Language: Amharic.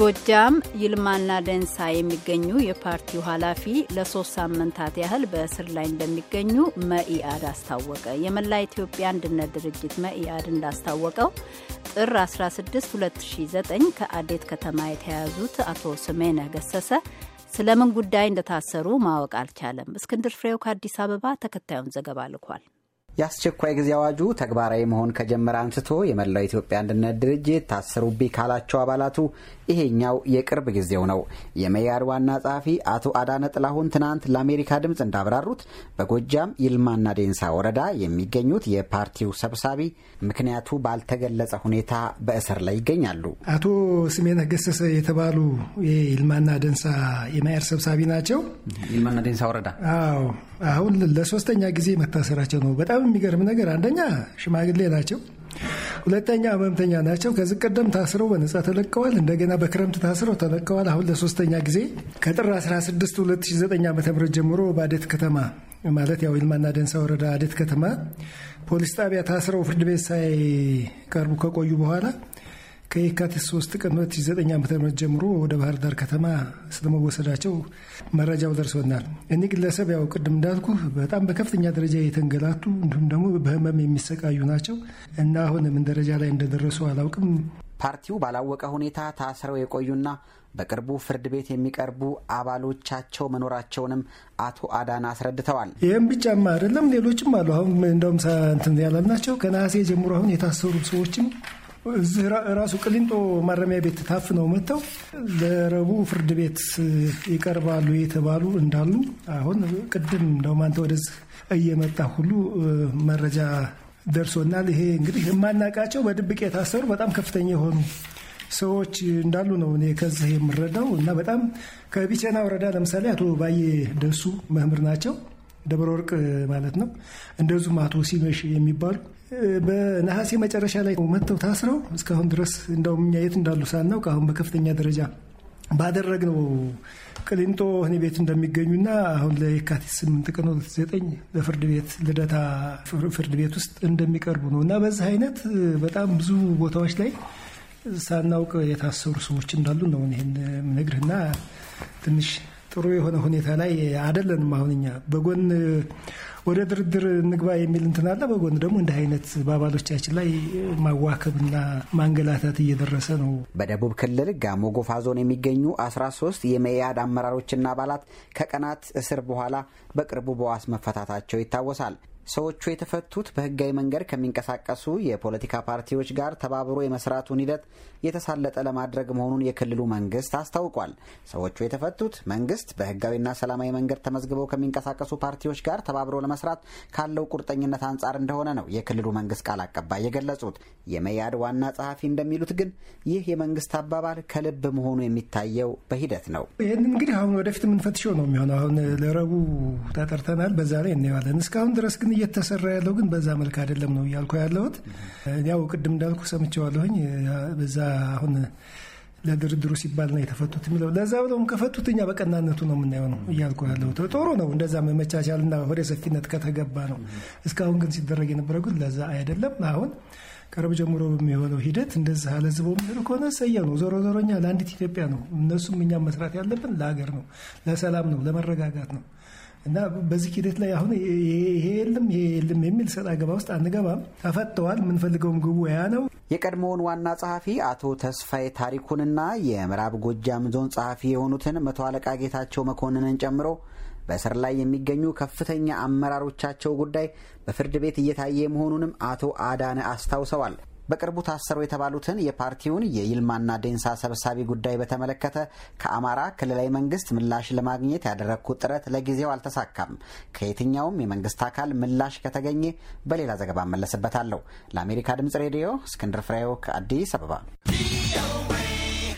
ጎጃም ይልማና ደንሳ የሚገኙ የፓርቲው ኃላፊ ለሶስት ሳምንታት ያህል በእስር ላይ እንደሚገኙ መኢአድ አስታወቀ። የመላ ኢትዮጵያ አንድነት ድርጅት መኢአድ እንዳስታወቀው ጥር 16 2009 ከአዴት ከተማ የተያዙት አቶ ስሜነህ ገሰሰ ስለምን ጉዳይ እንደታሰሩ ማወቅ አልቻለም። እስክንድር ፍሬው ከአዲስ አበባ ተከታዩን ዘገባ ልኳል። የአስቸኳይ ጊዜ አዋጁ ተግባራዊ መሆን ከጀመረ አንስቶ የመላው ኢትዮጵያ አንድነት ድርጅት ታሰሩብኝ ካላቸው አባላቱ ይሄኛው የቅርብ ጊዜው ነው። የመያድ ዋና ጸሐፊ አቶ አዳነ ጥላሁን ትናንት ለአሜሪካ ድምፅ እንዳብራሩት በጎጃም ይልማና ዴንሳ ወረዳ የሚገኙት የፓርቲው ሰብሳቢ ምክንያቱ ባልተገለጸ ሁኔታ በእስር ላይ ይገኛሉ። አቶ ስሜነ ገሰሰ የተባሉ የይልማና ደንሳ የመያድ ሰብሳቢ ናቸው። ይልማና ዴንሳ ወረዳ። አዎ አሁን ለሶስተኛ ጊዜ መታሰራቸው ነው። በጣም የሚገርም ነገር አንደኛ ሽማግሌ ናቸው፣ ሁለተኛ ህመምተኛ ናቸው። ከዚህ ቀደም ታስረው በነጻ ተለቀዋል። እንደገና በክረምት ታስረው ተለቀዋል። አሁን ለሶስተኛ ጊዜ ከጥር 16 2009 ዓ ም ጀምሮ በአዴት ከተማ ማለት ያው ይልማና ደንሳ ወረዳ አዴት ከተማ ፖሊስ ጣቢያ ታስረው ፍርድ ቤት ሳይቀርቡ ከቆዩ በኋላ ከየካቲት 3 ቀን 2009 ዓ ም ጀምሮ ወደ ባህር ዳር ከተማ ስለመወሰዳቸው መረጃው ደርሶናል። እኒህ ግለሰብ ያው ቅድም እንዳልኩ በጣም በከፍተኛ ደረጃ የተንገላቱ እንዲሁም ደግሞ በህመም የሚሰቃዩ ናቸው እና አሁን ምን ደረጃ ላይ እንደደረሱ አላውቅም። ፓርቲው ባላወቀ ሁኔታ ታስረው የቆዩና በቅርቡ ፍርድ ቤት የሚቀርቡ አባሎቻቸው መኖራቸውንም አቶ አዳና አስረድተዋል። ይህም ብቻማ አይደለም፣ ሌሎችም አሉ። አሁን እንደውም እንትን ያላልናቸው ከነሐሴ ጀምሮ አሁን የታሰሩ ሰዎችም እዚህ ራሱ ቅሊንጦ ማረሚያ ቤት ታፍነው መጥተው ለረቡዕ ፍርድ ቤት ይቀርባሉ የተባሉ እንዳሉ አሁን ቅድም እንደውም አንተ ወደዚህ እየመጣ ሁሉ መረጃ ደርሶናል። ይሄ እንግዲህ የማናቃቸው በድብቅ የታሰሩ በጣም ከፍተኛ የሆኑ ሰዎች እንዳሉ ነው እኔ ከዚህ የምረዳው እና በጣም ከቢቸና ወረዳ ለምሳሌ አቶ ባዬ ደሱ መምህር ናቸው። ደብረ ወርቅ ማለት ነው። እንደዚሁም አቶ ሲመሽ የሚባሉ በነሐሴ መጨረሻ ላይ መጥተው ታስረው እስካሁን ድረስ እንደውም እኛ የት እንዳሉ ሳናውቅ አሁን በከፍተኛ ደረጃ ባደረግነው ቅሊንጦ ወህኒ ቤት እንደሚገኙና አሁን ለየካቲት ስምንት ቀን ዘጠኝ ለፍርድ ቤት ልደታ ፍርድ ቤት ውስጥ እንደሚቀርቡ ነው እና በዚህ አይነት በጣም ብዙ ቦታዎች ላይ ሳናውቅ የታሰሩ ሰዎች እንዳሉ ነው ይህን ነግርህና ትንሽ ጥሩ የሆነ ሁኔታ ላይ አደለንም። አሁን እኛ በጎን ወደ ድርድር ንግባ የሚል እንትን አለ። በጎን ደግሞ እንዲህ አይነት በአባሎቻችን ላይ ማዋከብና ማንገላታት እየደረሰ ነው። በደቡብ ክልል ጋሞ ጎፋ ዞን የሚገኙ 13 የመያድ አመራሮችና አባላት ከቀናት እስር በኋላ በቅርቡ በዋስ መፈታታቸው ይታወሳል። ሰዎቹ የተፈቱት በህጋዊ መንገድ ከሚንቀሳቀሱ የፖለቲካ ፓርቲዎች ጋር ተባብሮ የመስራቱን ሂደት የተሳለጠ ለማድረግ መሆኑን የክልሉ መንግስት አስታውቋል። ሰዎቹ የተፈቱት መንግስት በህጋዊና ሰላማዊ መንገድ ተመዝግበው ከሚንቀሳቀሱ ፓርቲዎች ጋር ተባብሮ ለመስራት ካለው ቁርጠኝነት አንጻር እንደሆነ ነው የክልሉ መንግስት ቃል አቀባይ የገለጹት። የመያድ ዋና ጸሐፊ እንደሚሉት ግን ይህ የመንግስት አባባል ከልብ መሆኑ የሚታየው በሂደት ነው። ይህን እንግዲህ አሁን ወደፊት የምንፈትሸው ነው የሚሆነው። አሁን ለረቡዕ ተጠርተናል፣ በዛ ላይ እናየዋለን። እስካሁን ድረስ ግን እየተሰራ ያለው ግን በዛ መልክ አይደለም ነው እያልኩ ያለሁት። ያው ቅድም እንዳልኩ ሰምቸዋለሁኝ በዛ አሁን ለድርድሩ ሲባል ነው የተፈቱት የሚለው ለዛ ብለውም ከፈቱት እኛ በቀናነቱ ነው የምናየው ነው እያልኩ ያለሁት። ጥሩ ነው እንደዛ መመቻቻልና ወደ ሰፊነት ከተገባ ነው። እስካሁን ግን ሲደረግ የነበረ ግን ለዛ አይደለም። አሁን ቀረብ ጀምሮ በሚሆነው ሂደት እንደዚህ አለዝበው የሚሄዱ ከሆነ ሰየ ነው። ዞሮ ዞሮ እኛ ለአንዲት ኢትዮጵያ ነው እነሱም እኛም መስራት ያለብን ለሀገር ነው፣ ለሰላም ነው፣ ለመረጋጋት ነው። እና በዚህ ሂደት ላይ አሁን ይሄ የለም ይሄ የለም የሚል ሰጥ አገባ ውስጥ አንገባም። ተፈተዋል። የምንፈልገውም ግቡ ያ ነው። የቀድሞውን ዋና ጸሐፊ አቶ ተስፋዬ ታሪኩንና የምዕራብ ጎጃም ዞን ጸሐፊ የሆኑትን መቶ አለቃ ጌታቸው መኮንንን ጨምሮ በእስር ላይ የሚገኙ ከፍተኛ አመራሮቻቸው ጉዳይ በፍርድ ቤት እየታየ መሆኑንም አቶ አዳነ አስታውሰዋል። በቅርቡ ታሰሩ የተባሉትን የፓርቲውን የይልማና ዴንሳ ሰብሳቢ ጉዳይ በተመለከተ ከአማራ ክልላዊ መንግስት ምላሽ ለማግኘት ያደረግኩት ጥረት ለጊዜው አልተሳካም። ከየትኛውም የመንግስት አካል ምላሽ ከተገኘ በሌላ ዘገባ እመለስበታለሁ። ለአሜሪካ ድምጽ ሬዲዮ እስክንድር ፍሬው ከአዲስ አበባ